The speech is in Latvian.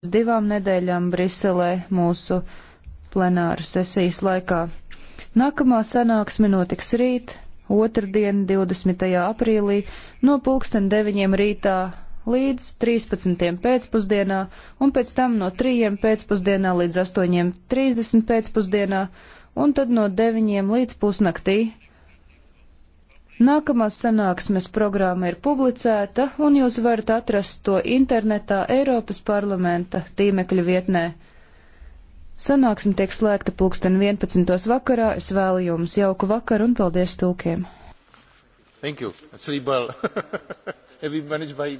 pēc divām nedēļām Briselē mūsu plenāra sesijas laikā. Nākamā sanāksme notiks rīt, otrdien, 20. aprīlī, no pulksten 9. rītā līdz 13. pēcpusdienā un pēc tam no 3. pēcpusdienā līdz 8.30 pēcpusdienā un tad no 9. līdz pusnaktī Nākamās sanāksmes programma ir publicēta, un jūs varat atrast to internetā Eiropas parlamenta tīmekļa vietnē. Sanāksme tiek slēgta pulksten 11. vakarā. Es vēlu jums jauku vakaru un paldies tulkiem. Thank you. That's really well. Have you managed by